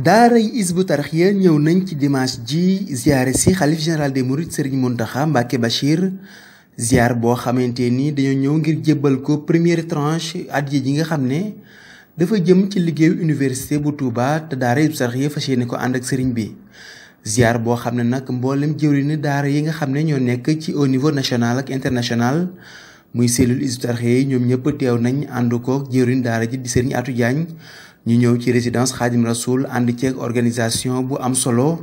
daaray isbu tarxiya ñëw nañ ci dimanche ji ziyaare si xalif général des mourides sëriñ Muntaxa Mbàkke Bachir ziyaar boo xamante ni dañoo ñëw ngir jébbal ko première tranche addiya ji nga xam ne dafa jëm ci liggéeyu université bu Touba te daaray isbu tarxiya fas yéene ko ànd ak sëriñ bi ziyaar boo xam ne nag mboolem jëwriñ daara yi nga xam ne ñoo nekk ci au niveau national ak international muy cellule Hizbut Tarqiyyah yi ñoom ñëpp teew nañ ànd ko jëriñ daara ji di Serigne atu Diagne ñu ñëw ci résidence Khadim Rasoul ànd ceeg organisation bu am solo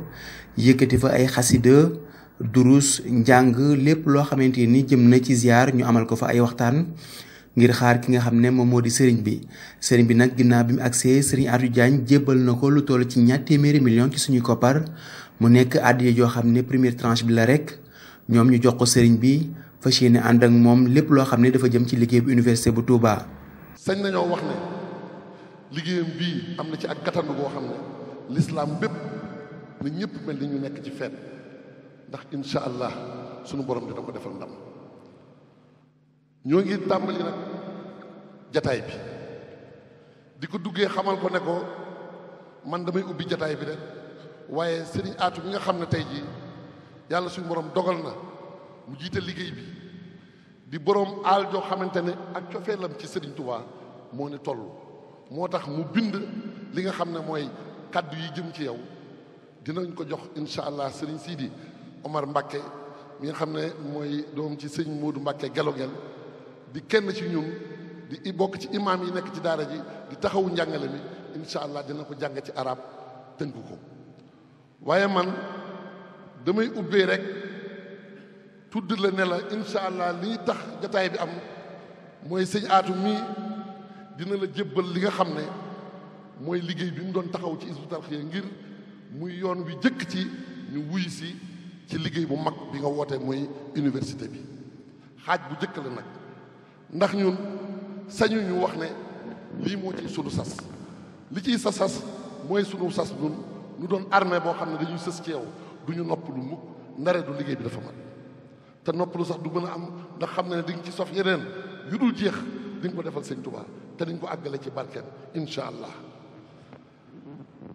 yëkkati fa ay xasida durus njàng lépp loo xamante ni jëm na ci ziar ñu amal ko fa ay waxtaan ngir xaar ki nga xam ne moom moo di sëriñ bi sëriñ bi nag ginnaaw bi mu agsee sëriñ Atou Diagne jébbal na ko lu toll ci ñaar téeméeri million ci suñu koppar mu nekk àddiya joo xam ne première tranche bi la rek ñoom ñu jox ko sëriñ bi fas yéene ànd ak moom lépp loo xam ne dafa jëm ci liggéey bu université bu Touba. sañ nañoo wax ne liggéeyam bii am na ci ak gàttandu boo xam ne lislaam bépp na ñëpp mel ni ñu nekk ci feet ndax incha allah sunu borom dina ko defal ndam ñoo ngi tàmbali nag jataay bi di ko duggee xamal ko ne ko man damay ubbi jataay bi rek waaye sëriñ aatu bi nga xam ne tey jii yàlla suñu borom dogal na. mu jiite liggéey bi di boroom aal joo xamante ne ak cofeelam ci Serigne Touba moo ni toll moo tax mu bind li nga xam ne mooy kàddu yi jëm ci yow dinañ ko jox incha allah Serigne Sidi Omar Mbakke mi nga xam ne mooy doom ci sëñ Modou Mbakke gelogel di kenn ci ñun di bokk ci imam yi nekk ci daara ji di taxawu njàngale mi incha allah dina ko jàng ci arab tënk ko waaye man damay ubbee rek. tudd la ne la incha allah liy tax jataay bi am mooy sëñ aatu mii dina la jébbal li nga xam ne mooy liggéey bi mu doon taxaw ci Hizbut Tarqiyyah ngir muy yoon wi jëkk ci ñu wuy si ci liggéey bu mag bi nga woote mooy université bi xaaj bu jëkk la nag ndax ñun sañu ñu wax ne lii moo ci sunu sas li ciy sa sas mooy sunu sas ñun ñu doon armee boo xam ne dañuy sës ci yow du ñu nopp lu mukk ndare du liggéey bi dafa mat te noppalu sax du mën a am ndax xam na ne dinga ci sof yeneen yu dul jeex di ko defal sëñ Tuubaa te di nga ko àggale ci barkeem incha allah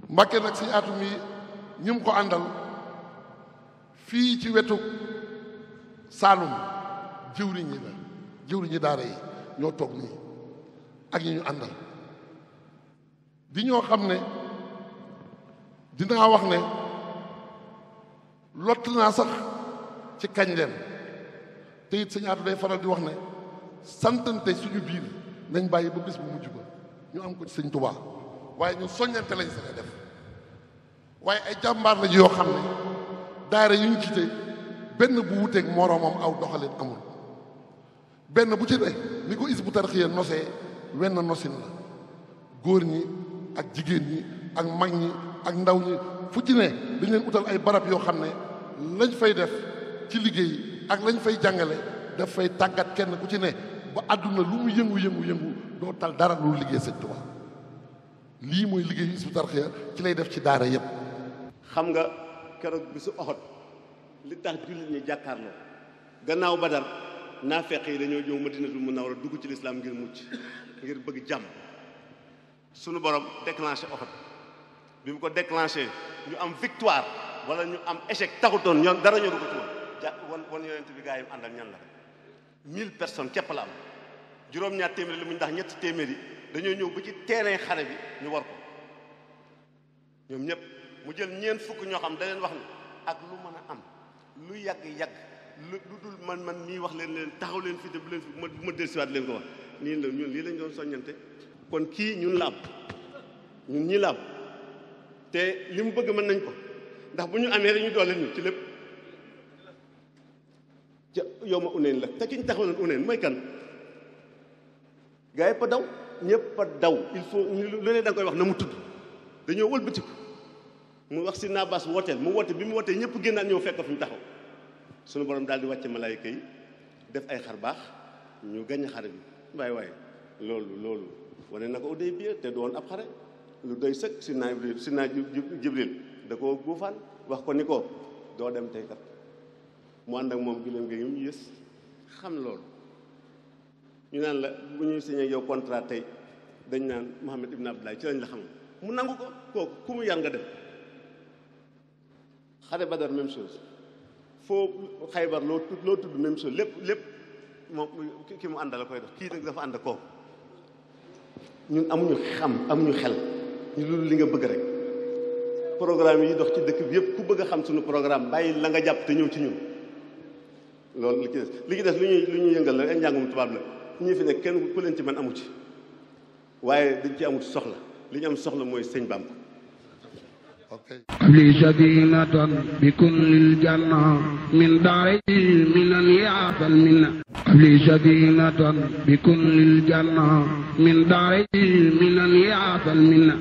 Mbàkke nag si atum yi ñi mu ko àndal fii ci wetu Saalum jëwriñ ñi la jëwriñ ñi daara yi ñoo toog nii ak ñi ñu àndal di ñoo xam ne dinaa wax ne lott naa sax ci kañ leen te it day faral di wax ne santante suñu biir nañ bàyyi ba bis bu mujj ba ñu am ko ci sëñ Touba waaye ñu soññante lañ sax def waaye ay jàmbaar la ji yoo xam ne daara yuñ jiite benn bu wuteeg moroomam aw doxalin amul benn bu ci ne ni ko Hizbut Tarqiyyah nosee wenn nosin la góor ñi ak jigéen ñi ak mag ñi ak ndaw ñi fu ci ne dañ leen utal ay barab yoo xam ne lañu fay def ci liggéey ak lañ fay jàngale daf fay tàggat kenn ku ci ne ba àdduna lu mu yëngu-yëngu-yëngu doo tal dara lu liggéey Sëñ Tuubaa lii mooy liggéey Hizbut Tarqiyyah ci lay def ci daara yëpp xam nga keroog bisu Uhud li tax jullit ñi jàkkaarloo gannaaw naa naafeq yi dañoo ñëw Madinatul Munawwara dugg ci lislaam ngir mucc ngir bëgg jàmm sunu borom déclenché Uhud bi mu ko déclenché ñu am victoire wala ñu am échec taxutoon ñoom dara ñoru ko ci ja wan wan yonent bi gaa yi mu àndal ñan la mille personnes képp la am juróom-ñaar téeméeri li mu ndax ñetti téeméeri yi dañoo ñëw ba ci terrain xare bi ñu war ko ñoom ñëpp mu jël ñeent fukk ñoo xam daleen wax ni ak lu mën a am lu yàgg-yàgg lu dul man man mii wax leen leen taxaw leen fi te bu leen fi ma ma dellusiwaat leen ko wax nii la ñun lii lañ doon soññante kon kii ñun la am ñun ñii la am te li mu bëgg mën nañ ko ndax bu ñu amee rek ñu doole ci lépp yow ma uneen la te ki ñu taxawaloon uneen mooy kan gaa yëpp a daw ñëpp a daw il faut lu ne da koy wax na mu tudd dañoo wëlbatiku mu wax si naa naabaas wooteel mu woote bi mu wootee ñëpp génnaat ñoo fekk fu mu taxaw sunu borom daal di wàcce malaayika yi def ay xar baax ñu gañ xare bi waaye waaye loolu loolu wane na ko au début te doon ab xare lu doy sëkk si naa si naa jibril da ko guufaan wax ko ni ko doo dem tey kat mu ànd ak moom gileem gi ñu yës xam loolu ñu naan la bu ñuy signé yow contrat tey dañ naan Mouhamed Ibn Abdoulaye ci lañ la xamal mu nangu ko kooku ku mu yar nga dem xare Badar même chose foo Xaybar loo tudd loo même chose lépp lépp moom ki mu àndal la koy def kii nag dafa ànd kooku ñun amuñu xam amuñu xel ñu loolu li nga bëgg rek programme yi dox ci dëkk bi yëpp ku bëgg xam suñu programme bàyyi la nga jàpp te ñëw ci ñun loolu li ci des li ci des lu ñuy lu ñuy yëngal la ay njàngum tubaab la ñii fi ne kenn ku leen ci man amu ci waaye dañ ci amut soxla li ñu am soxla mooy sëñ Bàmb li sadinatan bi kullil janna min daari minan yaafal minna li sadinatan bi kullil janna min daari minan yaafal minna